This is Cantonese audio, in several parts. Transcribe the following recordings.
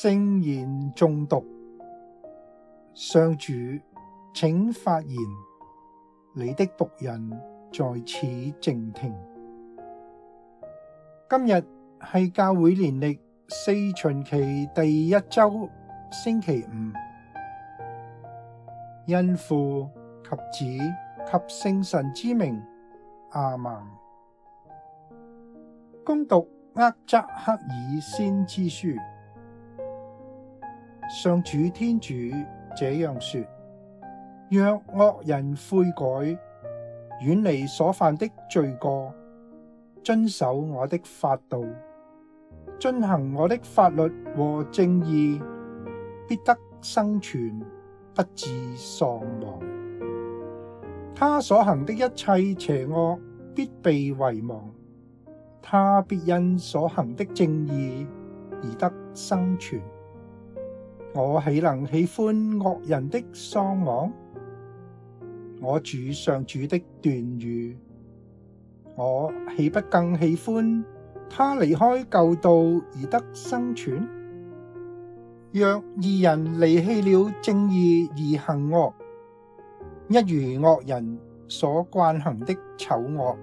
聖言誦讀，上主，請發言，你的僕人在此靜聽。今日係教會年曆四旬期第一周星期五，因父及子及聖神之名，阿門。恭讀厄則克耳先知書。上主天主這樣說：若惡人悔改，遠離所犯的罪過，遵守我的法度，遵行我的法律和正義，必得生存，不致喪亡。他所行的一切邪惡必被遺忘，他必因所行的正義而得生存。我豈能喜歡惡人的喪亡？我主上主的斷語，我豈不更喜歡他離開舊道而得生存？若義人離棄了正義而行惡，一如惡人所慣行的醜惡，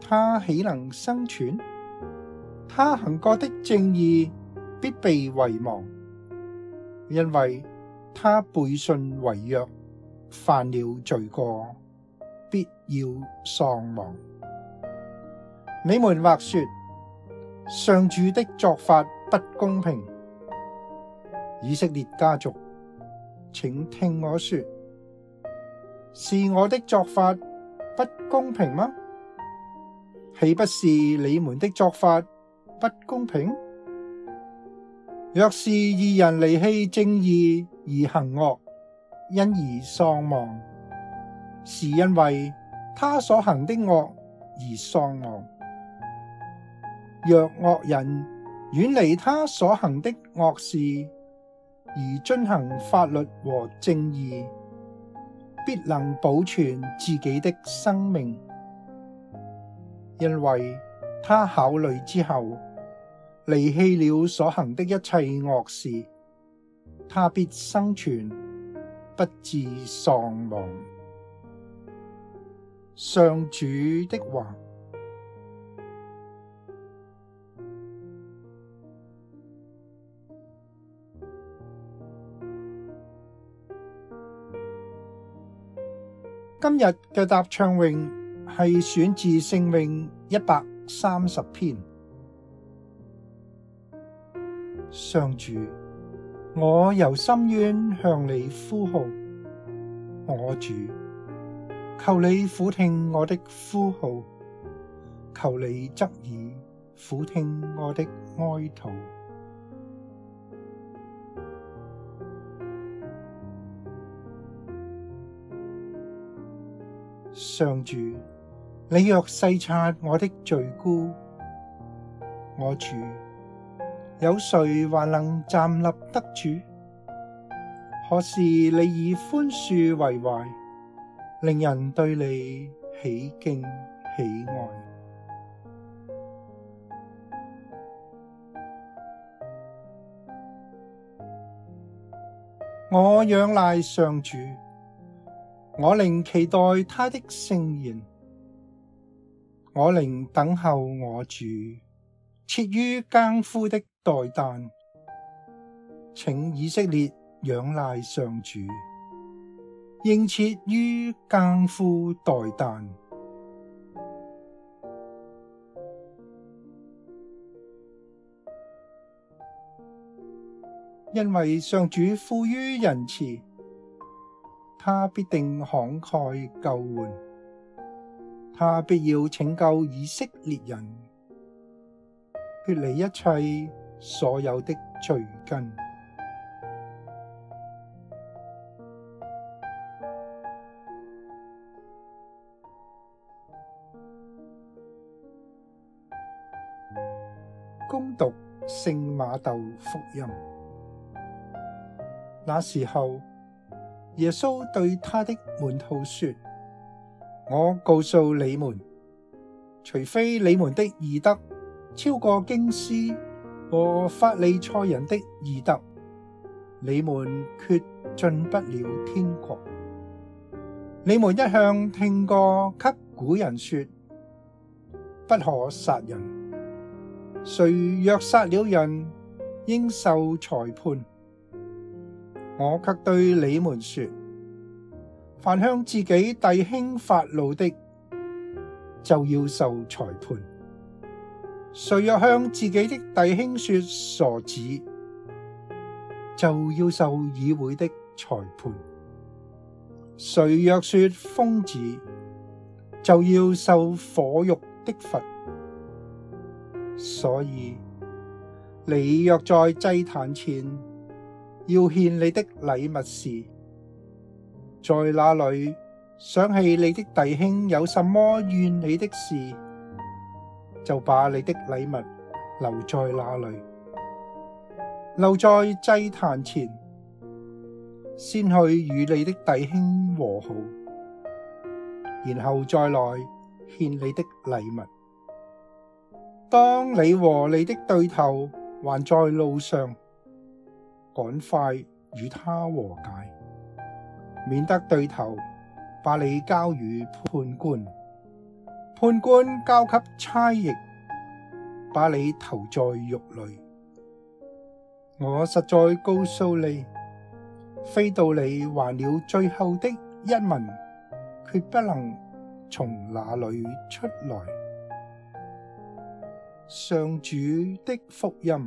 他豈能生存？他行過的正義必被遺忘。因為他背信違約，犯了罪過，必要喪亡。你們或說上主的作法不公平，以色列家族，請聽我說，是我的作法不公平嗎？豈不是你們的作法不公平？若是義人離棄正義而行惡，因而喪亡，是因為他所行的惡而喪亡。若惡人遠離他所行的惡事，而遵行法律和正義，必能保存自己的生命，因為他考慮之後。離棄了所行的一切惡事，他必生存，不致喪亡。上主的話，今日嘅答唱詠係選自聖詠一百三十篇。上主，我由深淵向你呼號，我主，求你俯聽我的呼號，求你側耳俯聽我的哀禱。上主，你若細察我的罪辜，我主。有誰還能站立得住？可是，你以寬恕為懷，令人對你起敬起愛。我仰賴上主，我靈期待他的聖言，我靈等候我主。切於更夫的待旦，請以色列仰賴上主，應切於更夫待旦，因為上主富於仁慈，他必定慷慨救援，他必要拯救以色列人。脫離一切所有的罪根，恭讀聖瑪竇福音。那時候，耶穌對他的門徒說：我告訴你們，除非你們的義德。超過經師和法利賽人的義德，你們決進不了天國。你們一向聽過給古人說，不可殺人，誰若殺了人，應受裁判。我却對你們說，凡向自己弟兄發怒的，就要受裁判。誰若向自己的弟兄說傻子，就要受議會的裁判；誰若說瘋子，就要受火獄的罰。所以，你若在祭壇前，要獻你的禮物時，在那裡想起你的弟兄有什麼怨你的事。就把你的禮物留在那裡，留在祭壇前，先去與你的弟兄和好，然後再來獻你的禮物。當你和你的對頭還在路上，趕快與他和解，免得對頭把你交與判官。判官交給差役，把你投在獄裏。我實在告訴你，非到你還了最後的一文，決不能從那裏出來。上主的福音。